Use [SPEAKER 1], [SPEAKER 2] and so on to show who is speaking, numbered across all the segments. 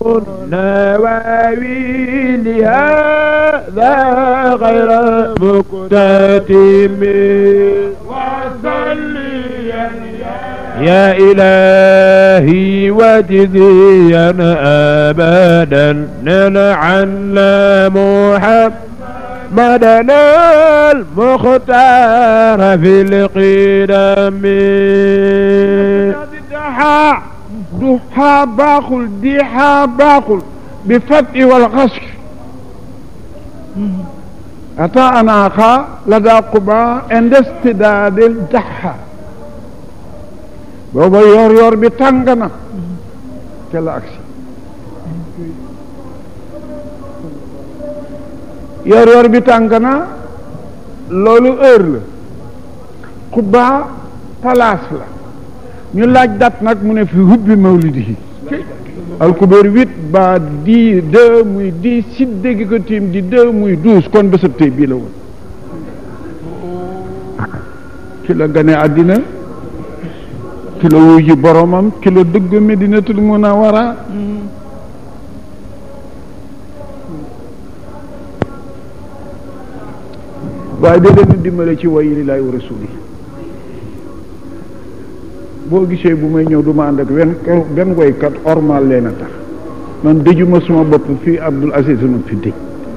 [SPEAKER 1] كنا واويل هذا غير مكتتم وصليا يا إلهي وجزيا أبدا عنا محمدنا المختار في القدم
[SPEAKER 2] du xaa baaxul di xaa baaxul bi fati wal xasr ata ana xaa la daa quba indestidaadil jaxa booba yoor yoor bi tàng na bi tàng na loolu heure la palaas la ñu laaj dat nag mu ne fi hubbi mawlidi alkubeer huit ba dix deux muy dix sidde gi ko tiim di deux muy douze kon bésab tey bii la woon ci gane àddina kilo la wuyu boromam ci la dëgg Medinatul Munawara waaye da leen dimbale ci wayi lillaahi wa rasuuli boo gisee bu may ñëw du ma ànd ak benn benn woykat ormal a tax man dëjuma suma bopp fii Abdul Aziz ma fi dëj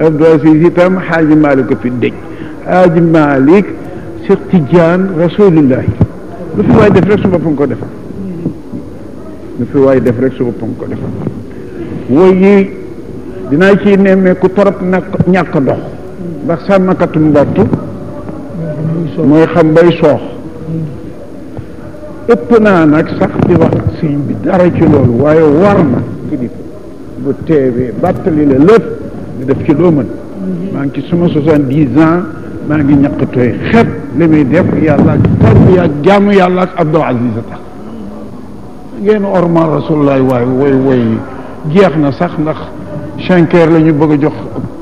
[SPEAKER 2] Abdul Aziz itam Xaaji Malik fi dëj Xaaji Malik Cheikh Tidiane Rasulillahi lu fi waay def rek su boppam ko defal lu fi waay def ku torop nag ñàkk ndox ndax sàmmkatum mbott mooy xam bay soox ëpp naa nag sax di wax sëñ bi dara ci loolu waaye war na kilifa bu teewee bàttali la lépp di def ci loo mën maa ngi ci suma xet li def yàlla tarbiya ak jaamu yàlla ak Abdou Aziz a tax ngeen ormal waaye woy woy jeex na sax ndax cinq lañu bëgg a jox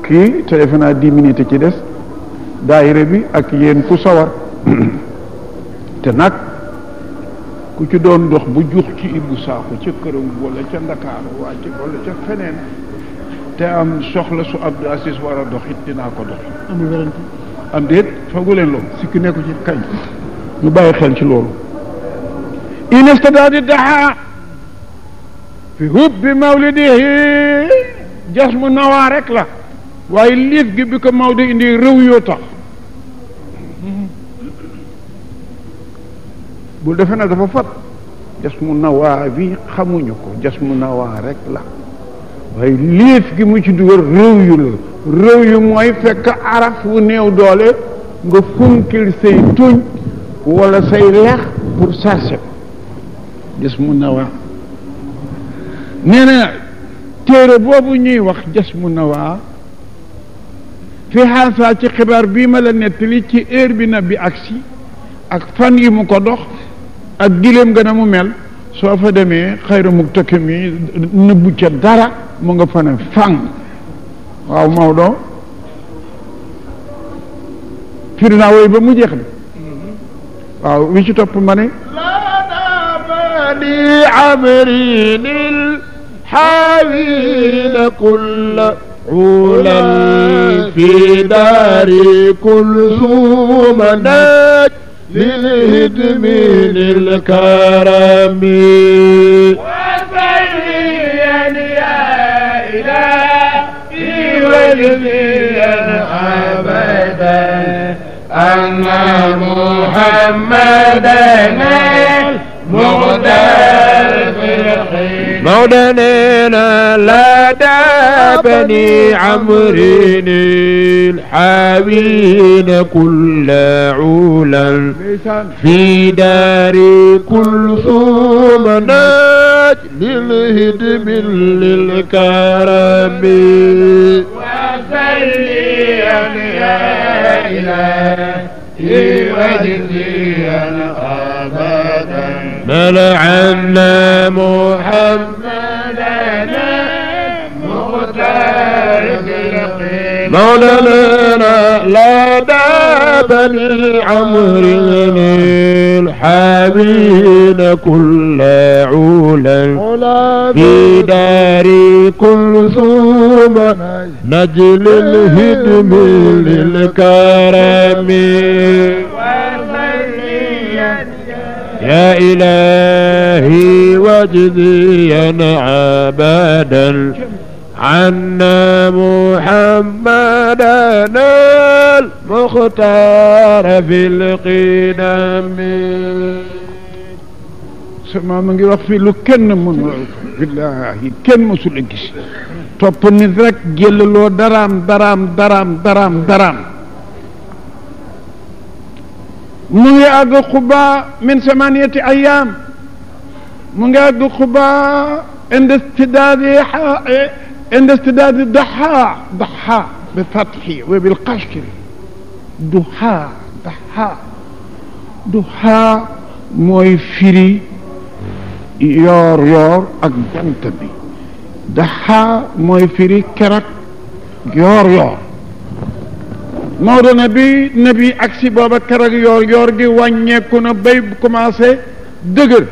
[SPEAKER 2] kii te di naa ci des daayira bi ak yéen ku sawar te nag ku ci doon dox bu jux ci Ibou Sakho ca këram wala ca Ndakaaru waa ci wala ca feneen te am soxla su Abdou Aziz war a dox dinaa ko dox. am déet fagu leen loolu. sikki nekku ci kañ. ñu bàyyi xel ci loolu. in istadaadi daxa fi hubbi mawlidihi jas mu nawaa rek la waaye liif gi bi ko Maodo indi réew yoo tax. bul defe na dafa fat jas mu nawaa bi xamuñu ko jasmu mu nawaa rek la waaye liif gi mu ci dugal réew yu mooy fekk araf wu néew doole nga funkil say tuñ wala say lex pour sarse jas mu nawaa nee na téere boobu ñuy wax jasmu mu nawaa fi xaasa ci xibaar bii ma la nettali ci heure bi na bi agsi ak fan yi mu ko dox ak gileem gën a mu mel soo fa demee xayra muktakim yi nëbbu ca dara mu nga fa fang waaw Maodo firi naa woy ba mu jeex bi waaw wi ci topp ma ne لي عمري للحاوين كل عولا
[SPEAKER 1] في داري كل زوم نجم للهدم للكرم وصليا يا إلهي وليا أبدا أن محمدا المغتاب مولاننا لدى بني عمرين الحاوين كل عولا في دار كلثوم نجل الهدم للكرم وسليا يا إلهي وجزيا خير ملعنا محمدنا مختار مولانا لدى بني عمرو من حامين كل عولا في دار كلثوم نجل الهدم للكرم يا إلهي واجزينا عبدا عنا محمدا
[SPEAKER 2] المختار في القدم sama ma ngi wax fii lu kenn mënu billaahi kenn mësul a gis topp nit rek jëlaloo daraam daraam daraam daraam daraam mu ngi àgg xubaa min samaniyati ayaam mu ngi àgg xubaa indistidaadi indistidaadi daxaa daxaa bi fatxi wa bil kasri duxaa daxaa duxaa mooy firi yoor yoor ak jant bi daxaa mooy firi kerak yoor yoor Maodo ne bi nabi si booba keroog yoor yoor gi wàññeeku na bay commencé dëgër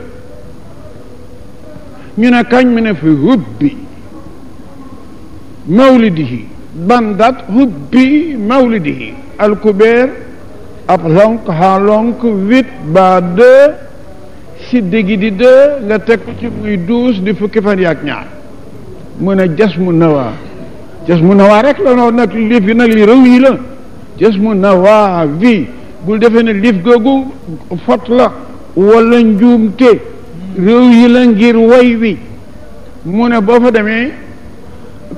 [SPEAKER 2] ñu ne kañ mu ne fi hubbi mawlidihi bandat hubbi mawlidihi alkubeer ab lonk ha lonk huit ba deux si déggi di deux nga teg ko ci muy douze di fukki fan yaak ñaar mu ne jas mu nawaa jas mu nawaa rek la noo nag liif yi nag li rëw yi la jismu waa vi bul defe ne lif googu fot la wala njuumte réew ngir woy wi mu ne boo fa demee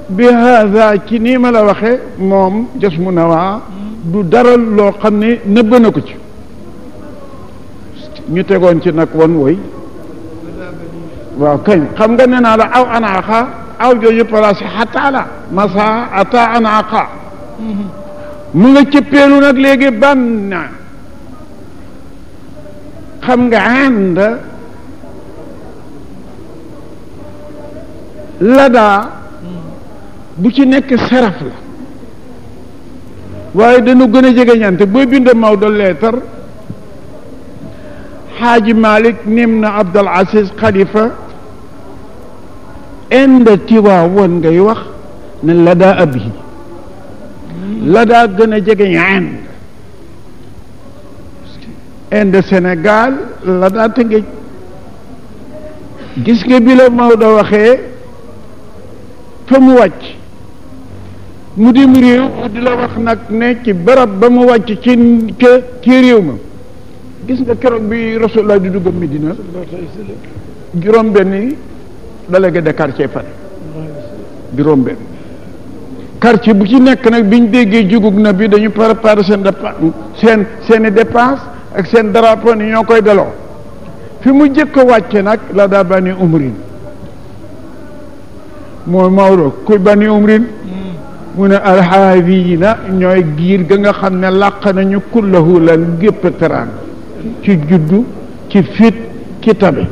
[SPEAKER 2] bi haada ci nii ma la waxe moom jismu nawa du dara loo xam ne nëbb na ko ci ñu tegoon ci nag woon woy waaw kañ xam nga ne naa la aw anaaxa aw jooju place xataa la masa ata anaaxa mu nga cëppeelu nag léegi ban na xam nga ànd ladaa bu ci nekk saraf la waaye dañu gën a jege ñante booy bind Maodo leetar xaaji Malik nim na Abdul Aziz Khalifa ind tiwaawoon ngay wax ne ladaa ab yi la daa gën a jege Inde Inde Sénégal la daa tëngëj gis nga bi la Maodo waxee fa mu wàcc mu dim réew di la wax nag ne barab ba mu wàcc ci ci réew ma gis nga keroog bi Rasulullah di dugg Medina juróom benni délégué de quartier par juróom benn quartier bu ci nekk nag bi ñu déggee jugug na bi dañu préparé seen dépense seen seen i ak seen drapeau ñoo koy deloo fi mu jëkk a wàcce nag la daa bani umrin mooy Maodo kuy mu ne alxaavina ñooy giir ga nga xam ne làq nañu kullahu lan gépp teraan ci juddu ci fit ci tabe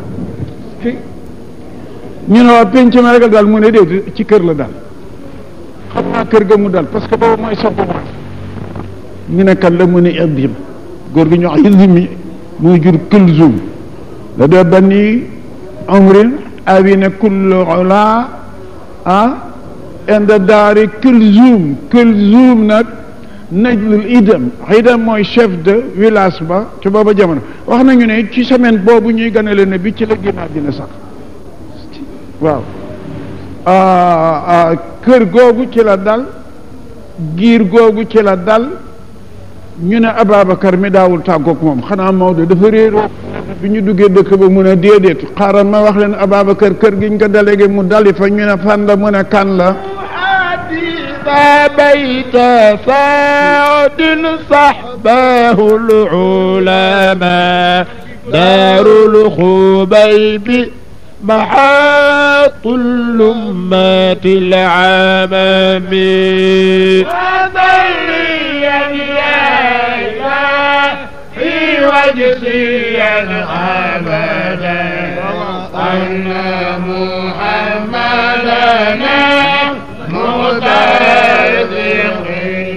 [SPEAKER 2] ñu ne waa penc ma regal daal mu ne déet ci kër la daal xam naa kër ga mu dal parce que boobu mooy sopp ma ñu ne kan la mu ne indim góor gi ñu wax indimi muy jur këlzum la dee bani amrin awina kullu ola ah inda daari këlzum këlzum nag najlul idam idam mooy chef de village ba ci booba jamono wax na ñu ne ci semaine boobu ñuy ganale ne bi ci la génnaat dina sax Ah, ah, kër googu ci la dal giir googu ci la dal ñu ne Ababacar mi daawul tàggoog moom xanaa Maodo dafa réeroo bi ñu duggee dëkk ba mun a déedéet xaaral ma wax leen Ababacar kër gi ñu ko délégué mu dali fa ñu ne fan la mun a kan la بيت سعد صحبه العلماء
[SPEAKER 1] دار الخبيب محاط اللمات العمام وضري بيدك في وجهي أبدا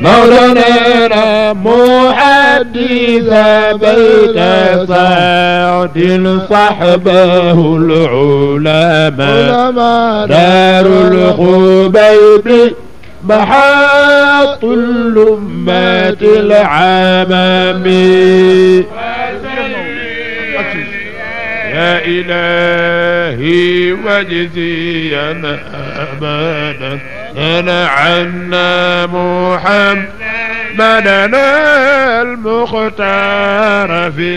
[SPEAKER 1] مولانا محدث بيت سعد صحبه العلماء دار الخبيب محاط الأمة العمامي يا إلهي واجزينا أبدا أنا عنا محمدنا المختار في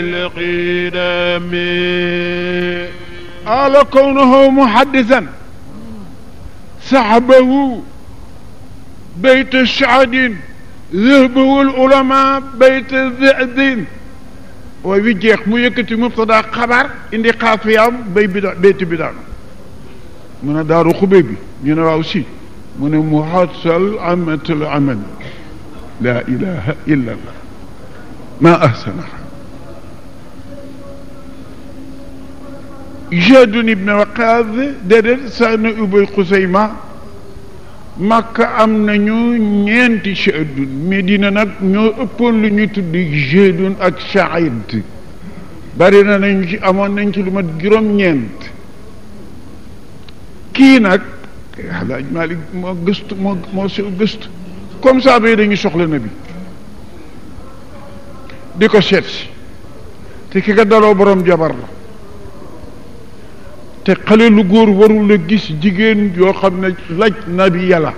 [SPEAKER 1] القدم
[SPEAKER 2] على كونه محدثا سحبه بيت الشعد ذهبه العلماء بيت الذئب wooy wi jeex mu yëkkati mubtada xabaar indi xaafiyaam bay bida bayti bidaanu mu ne daaru xube bi ñu ne waaw si mu ne muhassal amatul amal laa ilaha illa allah maa ahsanaha jadun ibne waqaz déedéet sa na ubay xusayma màkk am nañu ñeenti chahdun Medina nag ñoo ëppoon lu ñu tudd jahdun ak chaid bari na nañ ci amoon nañ ci lu ma juróom-ñeent kii nag alaaj Malik moo gëstu moo moo si gëstu comme ça ba dañu soxla na bi di ko seet si te ki ka daloo borom jabar te xale lu góor warul gis jigéen yoo xam ne laj laaj nabi yàlla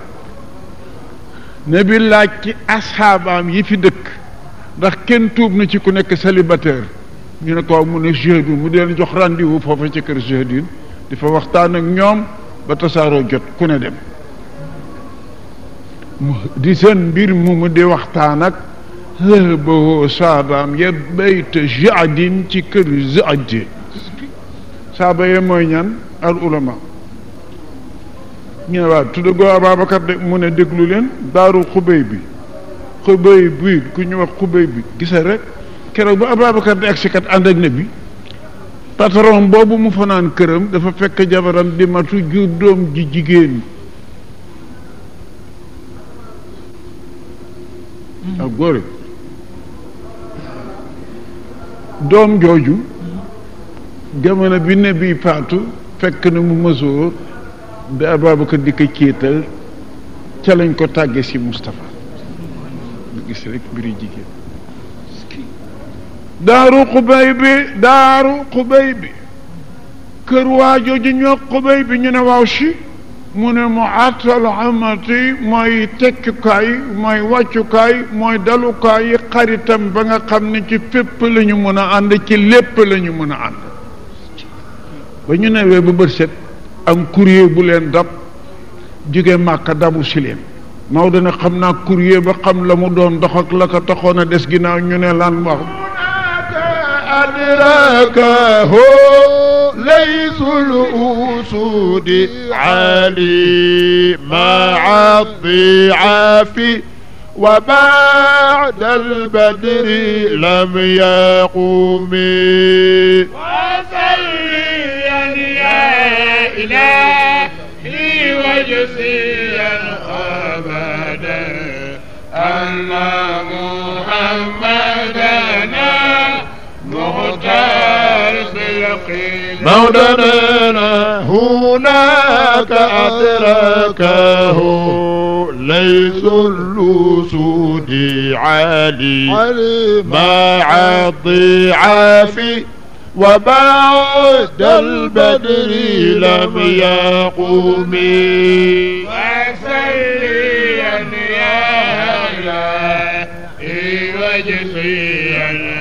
[SPEAKER 2] bi laaj ci asxaabaam yi fi dëkk ndax kenn tuub na ci ku nekk célibataire ñu ne ko mu ne jeudi mu deen jox rendez-vous foofu ci kër jeudi di fa waxtaan ak ñoom ba tasaaroo jot ku ne dem di seen mbir mu mu di waxtaan ak hëbawoo saabaam ya bayta jadin ci kër jadi saaba yee mooy ñan al ulama ñu ne waaw de mu ne déglu leen daaru xubéy bi xubéy bi ku ñu wax xubéy bi gisee rek keroog ba Ababacar di agsikat ànd ak ne bi patron boobu mu fanaan këram dafa fekk jabaram di matu jur doom ji jigéen ak góor doom jooju jamono bi ne bii paatu fekk na mu masoor bi Ababacar di ko céetal ca lañ ko tàggee si Moustapha nga gis rek daaru xubay bi daaru xubay bi kër waajo ji ñoo xubay bi ñu ne waaw si mu ne mu àttal amati mooy tekkukaay mooy wàccukaay mooy dalukaay yi xaritam ba nga xam ne ci fépp lañu mën a ànd ci lépp lañu mën a ànd ba ñu newee ba bët set am courrier bu leen dab jóge màkka dabu si leen Maodo ne xam naa courrier ba xam la mu doon dox ak la ko taxoon a des ginnaaw ñu ne lan wax adrakahu laysul usudi
[SPEAKER 1] ali maa diafi wa baada albadri lam yaqumi مصليا يا إلهي وجزيا أبدا أن محمدنا مختار خلقنا مولانا هناك أدركه ليس اللسود علي, علي ما عضي عافي وبعد البدر لم يقومي وسليا يا إلهي وجسيا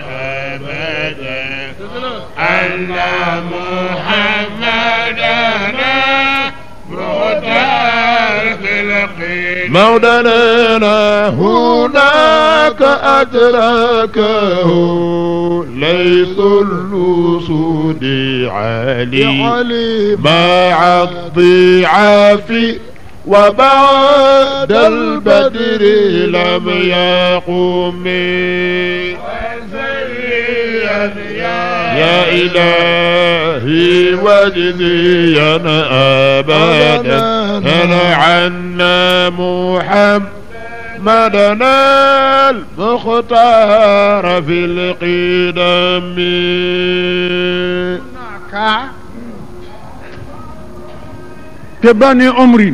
[SPEAKER 1] مولانا هناك أدركه ليث الوسود علي مع الضعاف وبعد البدر لم يقم وزيا يا إلهي وجدينا أبدا هل عنا محمدنا المختار في القدم
[SPEAKER 2] تبني عمري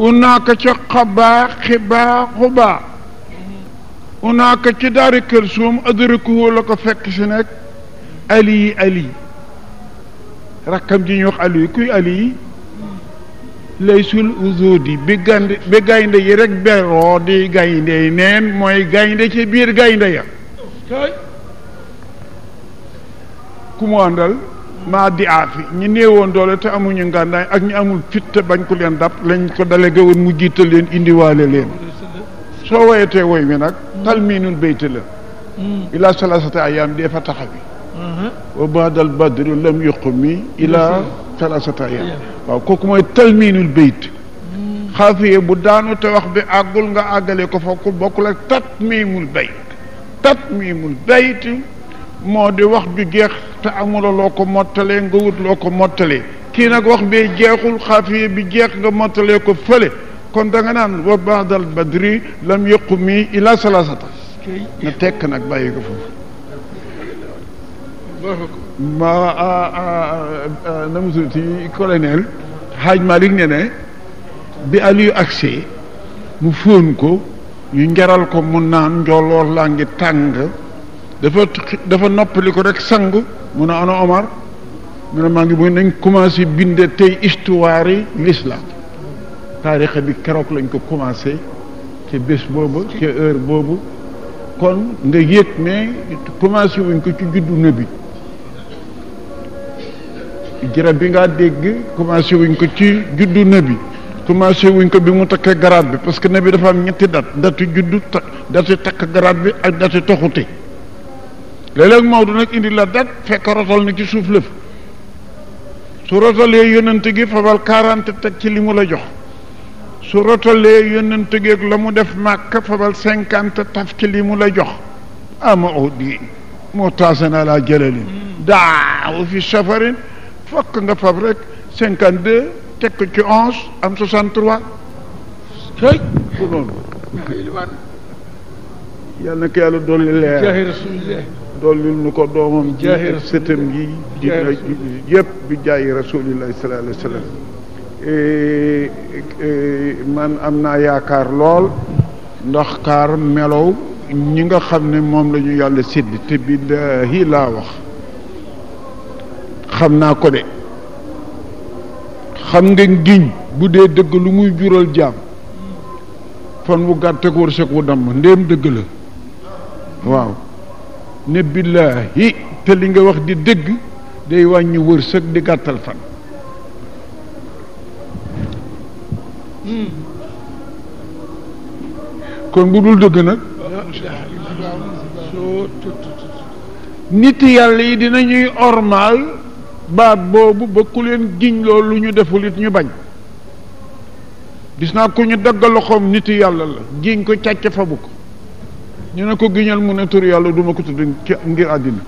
[SPEAKER 2] هناك شق خبا خبا unaaka ci daari kër suum adrakuhu la ko fekk si nekk ali ali rakkam ji ñu wax ali kuy ali laysul uzudi bi gaynde bi gaynde yi rek beroo di gayndey neen mooy gaynde ci biir gaynde ya ku mu àndal maa di aafi ñi néewoon doole te amuñu ngàndaay ak ñi amul fit te bañ ko leen dab lañ ko délégué woon mu jiital leen indiwaale leen soo woyatee woy wi nag talmiinul bayte la ila salasati ayaam dee fa taxa bi mm-hmm. wa baadal badru lam yuqmi ila mm-hmm. salasati ayaam waaw kooku mooy talmiinul bayt mm-hmm. xaafiye bu daanu te wax bi àggul nga àggale ko fa ku bokkul ak tatmiimul bayt tatmiimul bayt moo di wax bi geex te amula loo ko mottalee nga wut loo ko mottalee kii nag wax bee jeexul xaafiye bi jeex nga mottalee ko fële kon da nga naan wa badal badri lam yaqumi ila salasata na tekk nag bàyyi ko foofu ma namusuti colonel Haaj Malik ne ne bi Aliou agsee mu fóon ko ñu njaral ko mu naan njooloor laa ngi tàng dafa dafa noppali ko rek sangu mu ne ana Omar mu ne maa ngi mooy nañ commencé binde tey histoire yi taarixa bi keroog lañ ko commencé ci bés boobu ci heure boobu kon nga yëg ne commencé wuñ ko ci juddu nabi jarab bi ngaa dégg commencé wuñ ko ci juddu nabi commencé wuñ ko bi mu takkee garaat bi parce que nabi dafa am ñetti dat datu juddu ta takk garaat bi ak datu toxute léeg-léeg Maodo nag indi la dat fekk rotal na ci suuf lëf su rotalee yonent gi fabal quarante teg ci li mu la jox su rotalee yónnante geeg la mu def màkk fabal cinquante taf ci li mu la jox ama udi moo taasan ala jalalin daaw fi safarin fokk nga fab rek cinquante deux teg ci onze am soixante trois tey ku noonu yàlla na ko yàlla dolli leer dollil nu ko doomam ji sëtam yi dina bi jaayi rasulillah sallallahu alayhi wa sallam Eh, eh, man am naa yaakaar lool ndax kaar melow ñi nga xam ne moom lañu yàlla sédd te billaahi laa wax xam naa ko de xam nga ngiñ bu dee dëgg lu muy jural jaam fan wu gàtt ak wërsëg wu damm ndéem dëgg la waaw ne billaahi te li nga wax di dëgg day wàññi wërsëg di gàttal fan kon bu dul dëgg nag nit yàlla yi dina ñuy ormaal baat boobu ba ku leen giñ loolu ñu deful it ñu bañ gis naa ko ñu dagg loxoom nitti yàlla la giñ ko càcc fabu ko ñu ne ko giñal mu ne tur yàlla duma ko tudd ngir àddina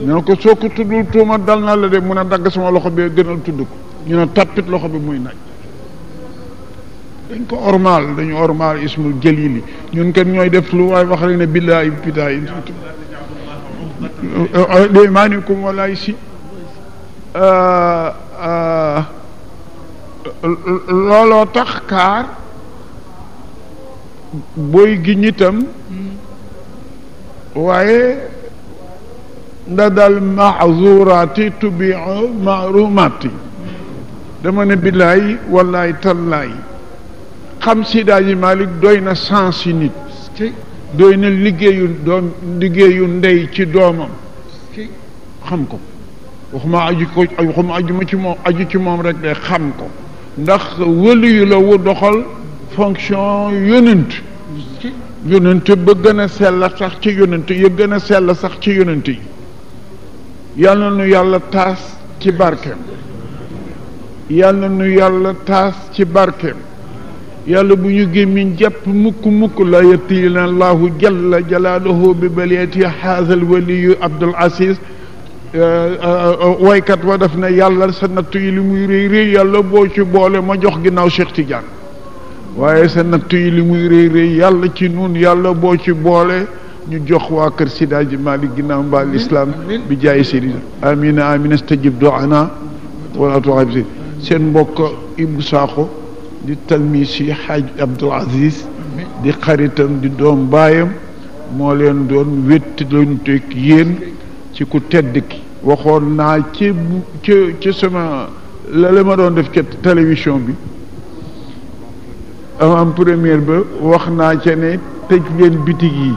[SPEAKER 2] ñu ne ko soo ko tuddul tuuma dal naa la de mun a dagg sama loxo bee gënal tudd ko ñu ne tàppit loxo bi muy naaj dañ ko ormal dañu ormal ñooy def lu waaye wax rek ne billaahi bitaay daymaanikum walaay si euh, euh, looloo tax kaar booy gi ñitam waaye nda dama ne billaay wallaay tallaay xam sidaaji Malick doy na sens yi nit doy na liggéeyu doom liggéeyu ndey ci doomam xam ko waxuma aju ko waxuma aju ma ci moom aju ci moom rek de xam ko ndax wëliyu la wu doxal fonction yonent yonent ba gën a sell sax ci yonent gën a sell sax ci yonent yi yal na nu yàlla taas ci barkeem yal na nu yàlla taas ci barkeem yàlla bu ñu gémmiñ jàpp mukk mukk la yabtilina allahu jalla jalaaluhu bi baliyati haazal waliyu abdul aziz euh, euh, waykat wa def na yàlla sa nattu yi li muy yàlla boo ci boole ma jox ginnaw Cheikh Tidiane waaye sa nattu yi li muy réy yàlla ci nun yàlla boo ci boole ñu jox waa kër sidaaji Malick ginnaaw mbaal islam bi jaay sëriñ amina amina stajib doana wala tuxab si seen mbokk Ibou Sakho di talmis yi xaaj Abdul Aziz di xaritam di doom baayam moo leen doon wétti lañu teg yéen ci ku tedd ki waxoon naa ci ci ci sama la ma doon def ca télévision bi avant première ba wax naa ci ne tëj leen bitik yi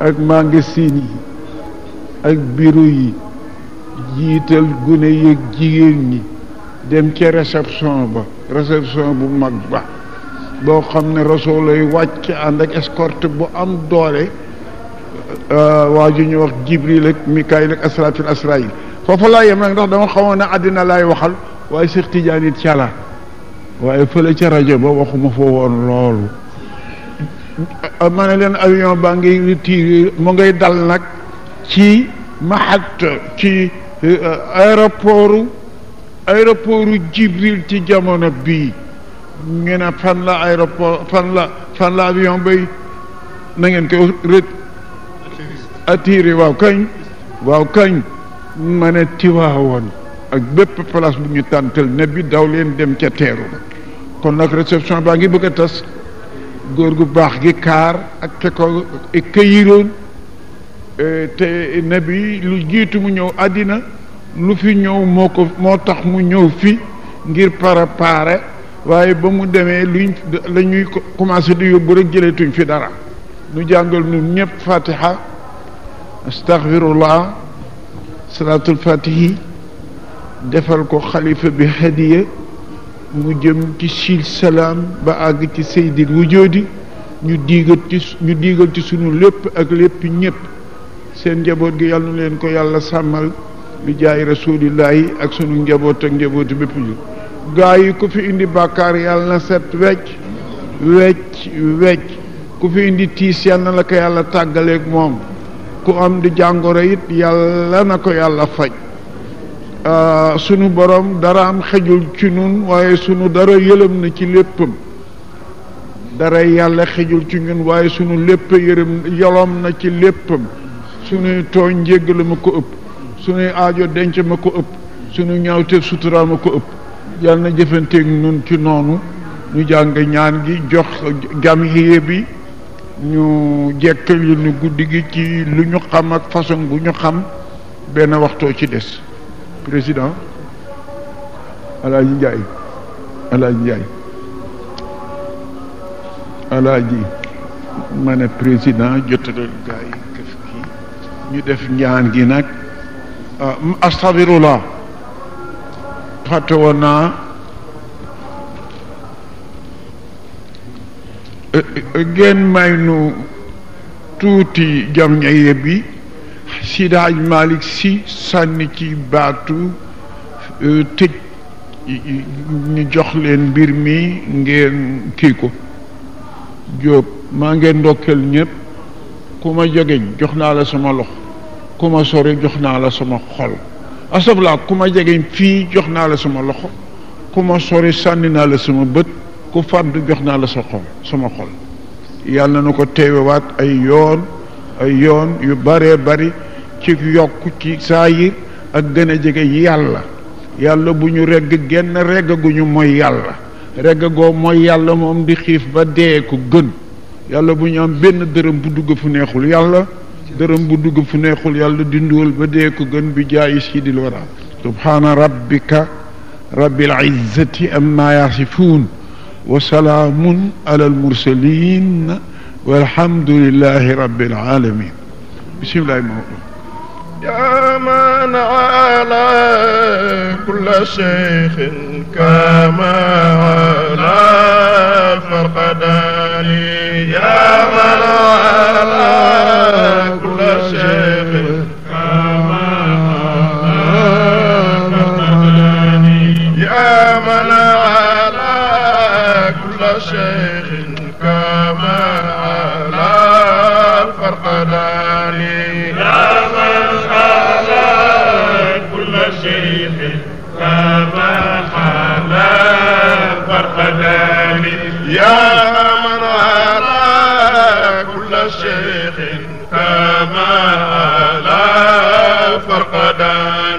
[SPEAKER 2] ak magasin yi ak bureau yi jiital gune yeeg jigéen ñi dem ca réception ba réception bu mag ba boo xam ne rasul lay wàcc ànd ak escorte bu am doole euh, euh, waa ju ñu wax jibril ak mikaayil ak asrafil asrail foofu laa yem nag dama xamoon ne àddina laay waxal waaye Cheikh Tidiane it cala waaye fële ca rajo ba waxuma fa woon loolu euh, ma leen avion baa ngi retiré mu ngay dal nag ci mahat ci aéroport aéroport Jibril ci jamono bii ngeen a fan la aéroport fan la fan la avion bay na ngeen ko waaw kañ waaw kañ ma ne Tiwaawoon ak bépp place bu ñu tàntal ne bi daw leen dem ca teeru kon nag réception baa ngi bëgg a tas góor gu baax gi kaar ak ke ko e këyiroon e, te ne lu jiitu mu ñëw àddina lu fi ñëw moo ko moo tax mu ñëw fi ngir préparer waaye ba mu demee luñ la ñuy commencé di yóbbu rek jëleetuñ fi dara nu jàngal nun ñëpp fatiha astaghfirullah salaatul fatihi defal ko xalifa bi hadiya mu jëm ci sil salaam ba àgg ci saydil wujoodi ñu diigal ci ñu diigal ci sunu lépp ak lépp ñëpp seen njaboot gi yàlla na leen ko yàlla sàmmal bi jaay rasulillahi ak sunu njaboot ak njabootu bépp ñu gaa yi ku fi indi bàkkaar yàlla na set wecc wecc wecc ku fi indi tiis yàlla na ko yàlla moom ku am di jàngoro it yàlla ko yàlla faj ah, sunu borom dara am xejul ci nun waaye sunu dara yëlëm na ci léppam dara yàlla xejul ci ñun waaye sunu lépp yërëm yolom na ci léppam sunuy tooñ njéggalu ma ko ëpp sunuy aajo denc ma ko ëpp sunu ñaawteef sutura ma ko ëpp yàlla na jëfanteeg nun ci noonu ñu jàng ñaan gi jox jamhiye bi ñu jekkal yu nu guddi gi ci lu ñu xam ak façon bu ñu xam benn waxtoo ci des président alaaji Njaay alaaji ma ne président jotalal gaa yi këf gi ñu def ñaan gi nag Uh, astafirullah fàtte woon naa uh, uh, ngeen may nu tuuti jam ñaye bi Sidi Hadj si sànni ci baatu tëj ñu jox leen mbir mi ngeen kii ko Jóob maa ngeen ndokkeel ñëpp ku ma jógeñ jox naa la sama loxo ku ma sori jox naa la sama xol asabla ku ma jege fii jox naa la sama loxo ku ma sori sànni naa la sama bët ku fàdd jox naa la sa xol sama xol yàlla na ko teewewaat ay yoon ay yoon yu baree bari ci yokk ci saayir ak gën a jege yàlla yàlla bu ñu regg genn regg gu ñu mooy yàlla regg goo mooy yàlla moom di xiif ba dee ko gën yàlla bu ñu am benn dërëm bu dugg fu neexul yàlla dërëm bu dugg fu neexul yàlla dinduwal ba dee ko gën bi jaayi siidil wara subhaana rabbika rabbil izzati amma yasifuun wa salaamun alal mursaliin walhamdulillahi rabbil aalamiin bismillahi mawdu
[SPEAKER 1] yaa man alaa kulla shaykhin kama alaa farqadani yaa man alaa شاء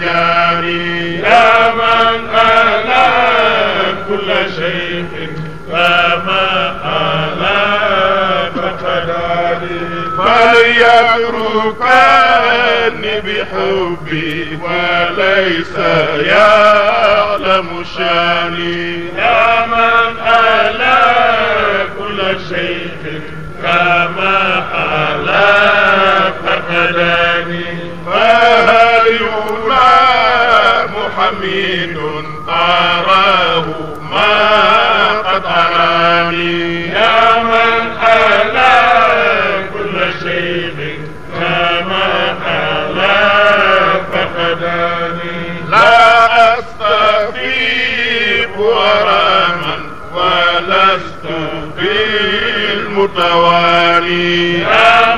[SPEAKER 1] جاري يا من ألا كل شيء فما ألا فقداري فليتركني بحبي وليس يعلم شاني يا أمين أراه ما قد أراني يا من على كل شيء كما على فقداني لا أستفيق وراما ولست في المتوالي يا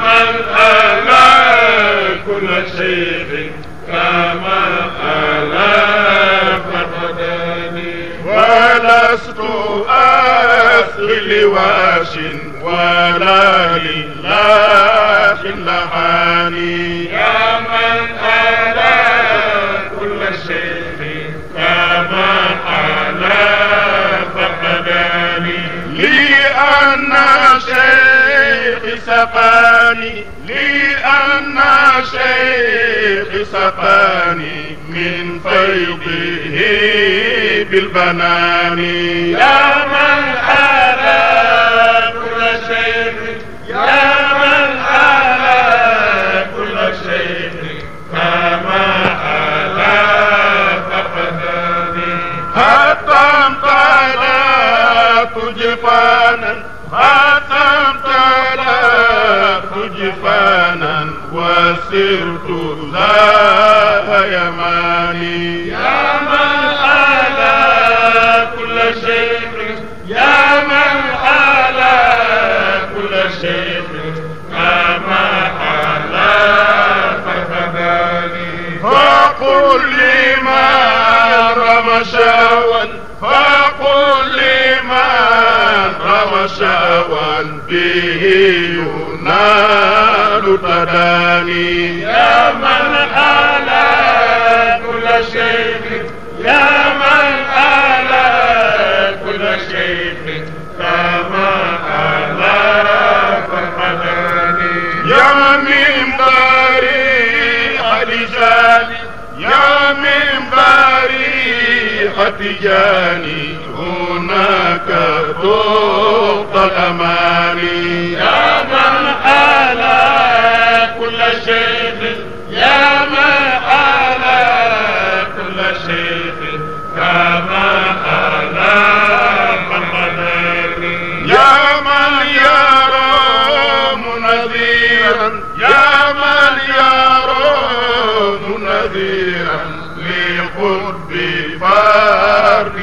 [SPEAKER 1] لواس ولا لله لحاني يا من ألا كل شيء كما ألا فقداني لأن شيخ سقاني لأن شيخ سقاني من فيضه بالبنان يا من ألا سرت ذا يماني يا من على كل شيء يا من على كل شيء كما على فتباني فقل لي ما رمشاوا فقل لي ما رمشاوا به ينادي المتداني يا من أعلى كل شيء يا من أعلى كل شيء كما أعلى فرحتاني يا من باري خديجاني يا من باري خديجاني هناك ضوء الأماني يا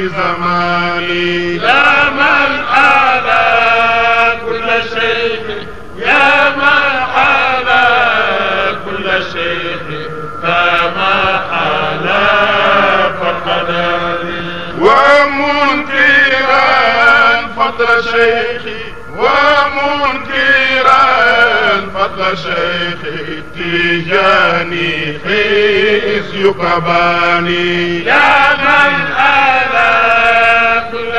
[SPEAKER 1] زماني يا من أعلى كل شيء يا من حلى كل شيء فما حلى فقدري ومنكرا فضل شيخي ومنكرا فضل شيخي تجاني حيث يقباني يا من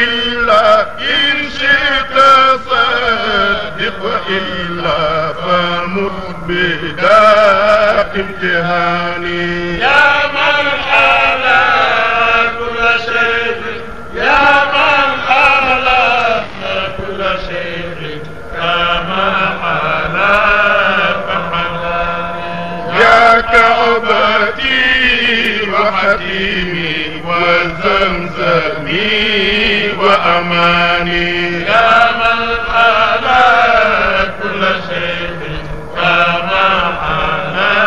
[SPEAKER 1] إلا إن شئت صدق إلا فمثبتا امتهاني يا من على كل شيء
[SPEAKER 2] يا من على
[SPEAKER 1] كل شيء كما حلا فحلاني يا كعبتي وحكيمي وزمزم أمني وأماني يا من على كل شيء كما أنا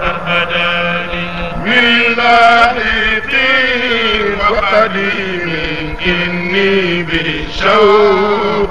[SPEAKER 1] فهداني من لاحقي وقديمي إني بشوق